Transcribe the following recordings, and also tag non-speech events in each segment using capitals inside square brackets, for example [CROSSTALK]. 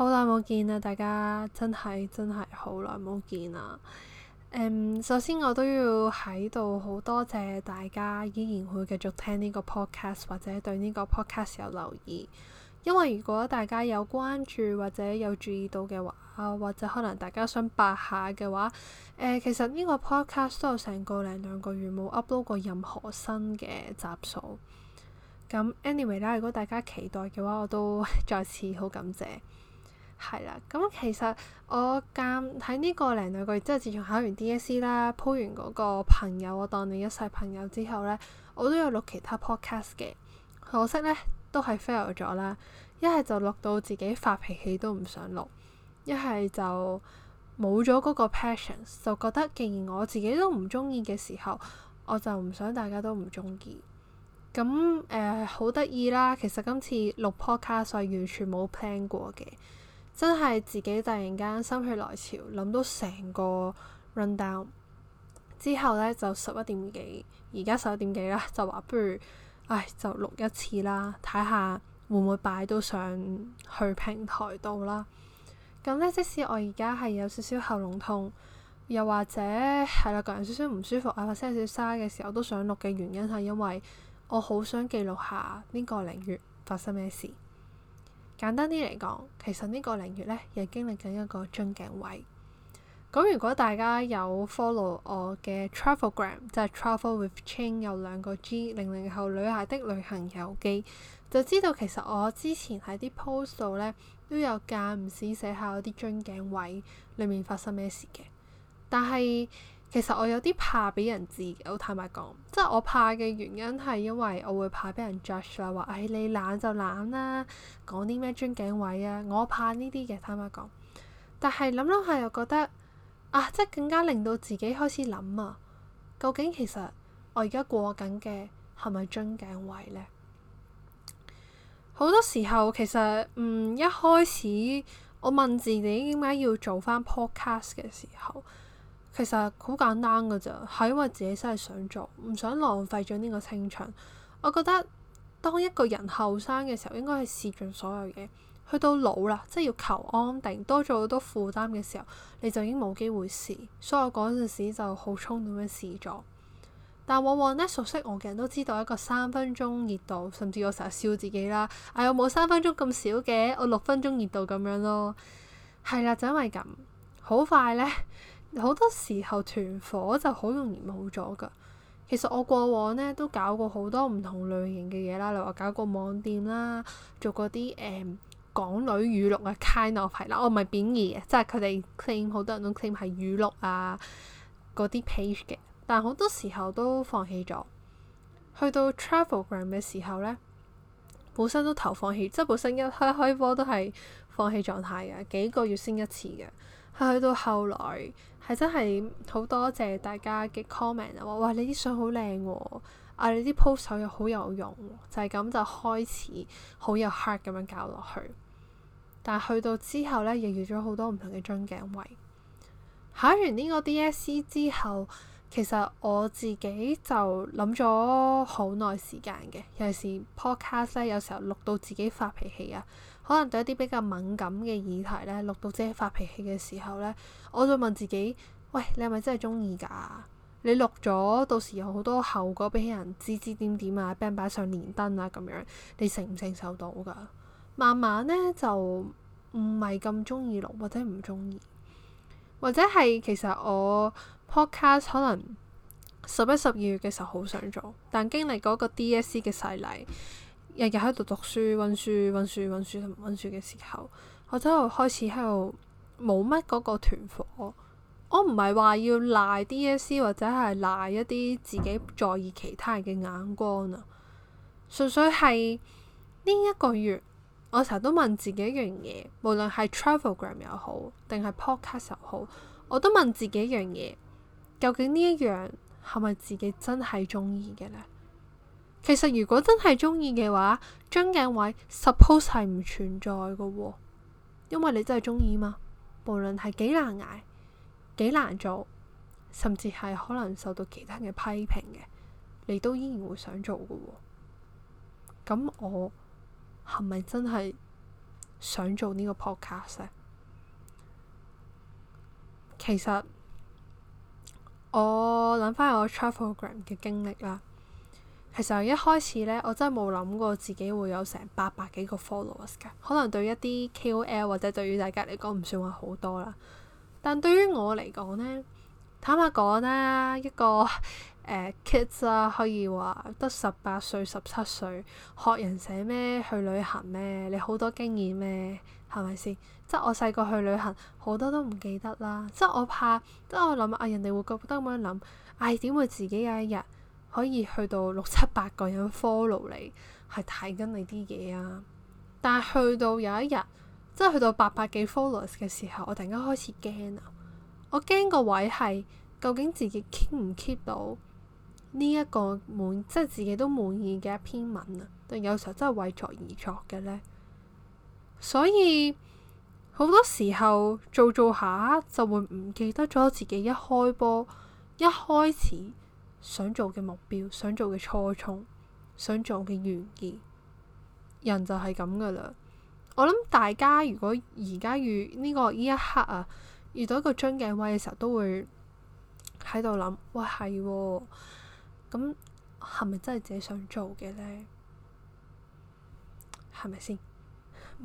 好耐冇見啦，大家真係真係好耐冇見啦。誒、um，首先我都要喺度好多謝大家依然會繼續聽呢個 podcast，或者對呢個 podcast 有留意。因為如果大家有關注或者有注意到嘅話，或者可能大家想白下嘅話，誒、呃，其實呢個 podcast 都有成個零兩個月冇 upload 過任何新嘅集數。咁 anyway 咧，如果大家期待嘅話，我都再次好感謝。係啦，咁、嗯、其實我間喺呢個零兩個月即係，自從考完 DSE 啦，鋪完嗰個朋友，我當你一世朋友之後咧，我都有錄其他 podcast 嘅，可惜咧都係 fail 咗啦。一係就錄到自己發脾氣都唔想錄，一係就冇咗嗰個 passion，就覺得既然我自己都唔中意嘅時候，我就唔想大家都唔中意。咁誒，好得意啦！其實今次錄 podcast 我係完全冇 plan 過嘅。真係自己突然間心血來潮，諗到成個 rundown 之後咧，就十一點幾，而家十一點幾啦，就話不如，唉，就錄一次啦，睇下會唔會擺到上去平台度啦。咁咧，即使我而家係有少少喉嚨痛，又或者係啦，個人少少唔舒服，啊或者有少少沙嘅時候，都想錄嘅原因係因為我好想記錄下呢個零月發生咩事。簡單啲嚟講，其實個呢個領月咧，又經歷緊一個樽頸位。咁如果大家有 follow 我嘅 travelgram，就係 travel with ching 有兩個 G 零零後女孩的旅行遊記，就知道其實我之前喺啲 post 度咧都有間唔時寫下我啲樽頸位裏面發生咩事嘅。但係其實我有啲怕俾人知嘅，我坦白講，即係我怕嘅原因係因為我會怕俾人 judge 啦，話、哎、誒你懶就懶啦，講啲咩樽頸位啊，我怕呢啲嘅坦白講。但係諗諗下又覺得啊，即係更加令到自己開始諗啊，究竟其實我而家過緊嘅係咪樽頸位咧？好多時候其實，嗯，一開始我問自己點解要做返 podcast 嘅時候。其實好簡單噶咋，係因為自己真係想做，唔想浪費咗呢個青春。我覺得當一個人後生嘅時候，應該係試盡所有嘢。去到老啦，即係要求安定，多咗好多負擔嘅時候，你就已經冇機會試。所以我嗰陣時就好衝動咁樣試咗。但往往呢，熟悉我嘅人都知道一個三分鐘熱度，甚至我成日笑自己啦。哎，我冇三分鐘咁少嘅，我六分鐘熱度咁樣咯。係啦，就因為咁好快呢。好多時候團火就好容易冇咗㗎。其實我過往咧都搞過好多唔同類型嘅嘢啦，例如話搞過網店啦，做過啲誒、嗯、港女語錄嘅 kind of 係啦，我唔係貶義嘅，即係佢哋 claim 好多人都 claim 係語錄啊嗰啲 page 嘅，但係好多時候都放棄咗。去到 travelgram 嘅時候咧，本身都投放棄，即係本身一開開波都係放棄狀態嘅，幾個月先一次嘅。係去到後來，係真係好多謝大家嘅 comment 啊！話哇，你啲相好靚喎，啊你啲 post 又好有用，就係咁就開始好有 heart 咁樣搞落去。但去到之後咧，又遇咗好多唔同嘅樽頸位。考完呢個 DSE 之後，其實我自己就諗咗好耐時間嘅，尤其是 podcast 咧，有時候錄到自己發脾氣啊。可能對一啲比較敏感嘅議題咧，錄到自己發脾氣嘅時候咧，我就問自己：喂，你係咪真係中意㗎？你錄咗，到時有好多後果，俾人指指點點啊，俾人擺上連登啊咁樣，你承唔承受到㗎？慢慢咧就唔係咁中意錄，或者唔中意，或者係其實我 podcast 可能十一、十二月嘅時候好想做，但經歷嗰個 DSE 嘅洗禮。日日喺度讀書、温書、温書、温書同温書嘅時候，我就開始喺度冇乜嗰個團火。我唔係話要賴 DSE 或者係賴一啲自己在意其他人嘅眼光啊。純粹係呢一個月，我成日都問自己一樣嘢，無論係 travelgram 又好，定係 podcast 又好，我都問自己一樣嘢：究竟呢一樣係咪自己真係中意嘅咧？其實如果真係中意嘅話，樽頸位 suppose 係唔存在嘅、哦，因為你真係中意嘛。無論係幾難挨、幾難做，甚至係可能受到其他人嘅批評嘅，你都依然會想做嘅、哦。咁我係咪真係想做個呢個 podcast 咧？其實我諗翻我 travel program 嘅經歷啦。其實一開始咧，我真係冇諗過自己會有成八百幾個 followers 㗎。可能對一啲 KOL 或者對於大家嚟講唔算話好多啦。但對於我嚟講咧，坦白講啦、啊，一個誒、呃、kids 啊，可以話得十八歲、十七歲，學人寫咩、去旅行咩，你好多經驗咩，係咪先？即我細個去旅行，好多都唔記得啦。即我怕，即我諗啊，人哋會覺得咁樣諗，唉、哎，點會自己有一日，可以去到六七百個人 follow 你，係睇緊你啲嘢啊！但係去到有一日，即係去到八百幾 followers 嘅時候，我突然間開始驚啊！我驚個位係究竟自己 keep 唔 keep 到呢一個滿，即係自己都滿意嘅一篇文啊？定有時候真係為作而作嘅咧？所以好多時候做做下就會唔記得咗自己一開波一開始。想做嘅目標，想做嘅初衷，想做嘅願意，人就係咁噶啦。我諗大家如果而家遇呢個呢一刻啊，遇到一個樽頸位嘅時候，都會喺度諗：喂，係喎，咁係咪真係自己想做嘅咧？係咪先？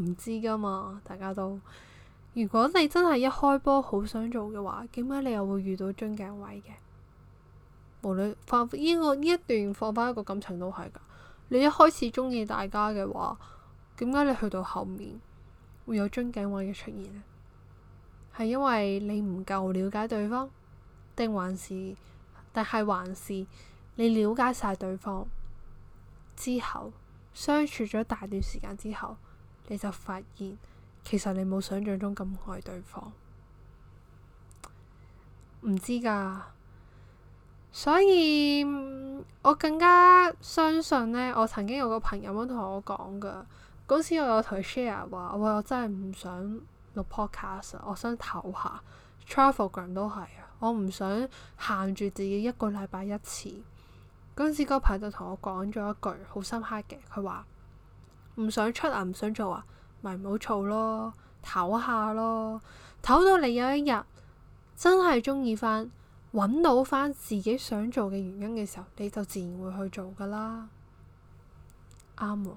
唔知噶嘛。大家都，如果你真係一開波好想做嘅話，點解你又會遇到樽頸位嘅？無論放依個呢一段放翻一個感情都係噶，你一開始中意大家嘅話，點解你去到後面會有樽頸位嘅出現咧？係因為你唔夠了解對方，定還是定係還是你了解晒對方之後相處咗大段時間之後，你就發現其實你冇想象中咁愛對方，唔知噶。所以我更加相信咧，我曾經有個朋友咁同我講噶，嗰時我有同佢 share 話，我話我真係唔想錄 podcast，我想唞下，travelgram 都係啊，我唔想限住自己一個禮拜一次。嗰陣時嗰個朋友就同我講咗一句好深刻嘅，佢話唔想出啊，唔想做啊，咪唔好做咯，唞下咯，唞到你有一日真係中意翻，揾到返自己想做嘅原因嘅時候，你就自然會去做㗎啦。啱喎，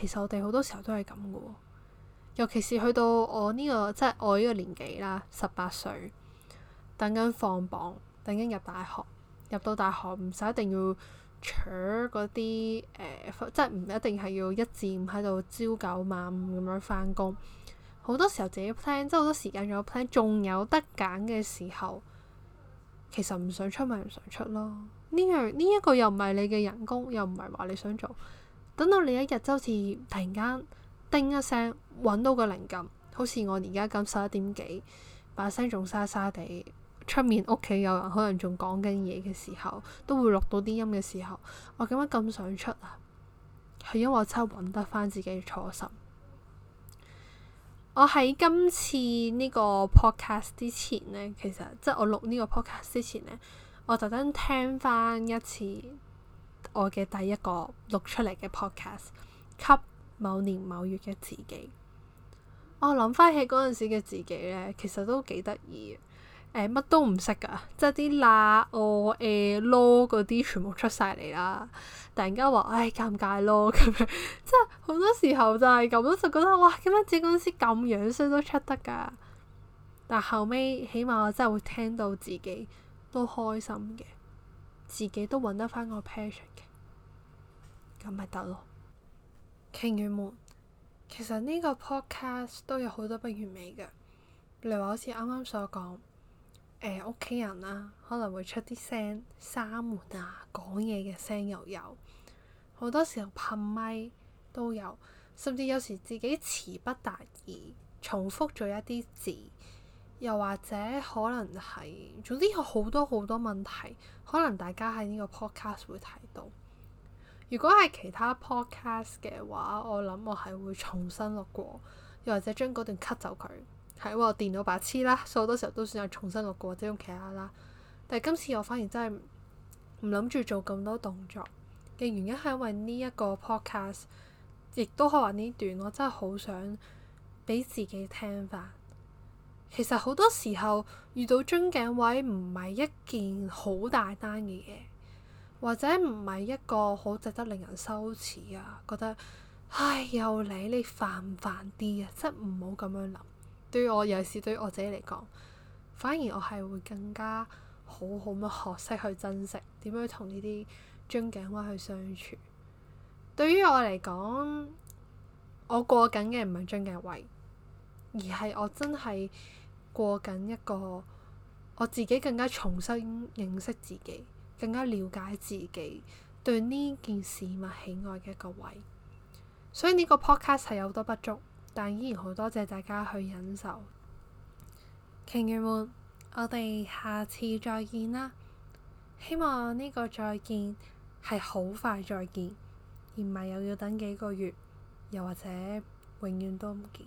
其實我哋好多時候都係咁嘅喎。尤其是去到我呢、呢個即係、就是、我呢個年紀啦，十八歲，等緊放榜，等緊入大學。入到大學唔使一定要搶嗰啲誒，即係唔一定係要一至五喺度朝九晚五咁樣返工。好多時候自己 plan，即係好多時間仲有 plan，仲有得揀嘅時候。其實唔想出咪唔想出咯，呢樣呢一個又唔係你嘅人工，又唔係話你想做。等到你一日就好似突然間叮一聲，搵到個靈感，好似我而家咁十一點幾，把聲仲沙沙地，出面屋企有人可能仲講緊嘢嘅時候，都會錄到啲音嘅時候，我點解咁想出啊？係因為我真係搵得翻自己嘅初心。我喺今次呢個 podcast 之前咧，其實即係我錄呢個 podcast 之前咧，我特登聽翻一次我嘅第一個錄出嚟嘅 podcast，給某年某月嘅自己。我諗翻起嗰陣時嘅自己咧，其實都幾得意。誒、乜、哎、都唔識噶，即係啲拉我誒囉嗰啲，哦欸、全部出晒嚟啦！突然間話，唉、哎，尷尬咯，咁 [LAUGHS] 樣，即係好多時候就係咁，就覺得哇，點解自己公司咁樣衰都出得噶？但後尾起碼我真係會聽到自己都開心嘅，自己都搵得翻個 passion 嘅，咁咪得咯。聽眾們，其實呢個 podcast 都有好多不完美嘅，例如話好似啱啱所講。誒，屋企人啦、啊，可能會出啲聲，閂門啊，講嘢嘅聲又有，好多時候噴咪都有，甚至有時自己詞不達意，重複咗一啲字，又或者可能係，總之係好多好多問題，可能大家喺呢個 podcast 會睇到。如果係其他 podcast 嘅話，我諗我係會重新錄過，又或者將嗰段 cut 走佢。係喎，電腦白痴啦，所以好多時候都算係重新錄過，即係用其他啦。但係今次我反而真係唔諗住做咁多動作嘅原因係因為呢一個 podcast，亦都可能呢段我真係好想俾自己聽翻。其實好多時候遇到樽頸位唔係一件好大單嘅嘢，或者唔係一個好值得令人羞恥啊，覺得唉又嚟，你煩唔煩啲啊，真唔好咁樣諗。對於我尤其是對於我自己嚟講，反而我係會更加好好咁學識去珍惜點樣同呢啲樽頸位去相處。對於我嚟講，我過緊嘅唔係樽頸位，而係我真係過緊一個我自己更加重新認識自己、更加了解自己對呢件事物喜愛嘅一個位。所以呢個 podcast 係有好多不足。但依然好多謝大家去忍受，鯨魚們，我哋下次再見啦。希望呢個再見係好快再見，而唔係又要等幾個月，又或者永遠都唔見。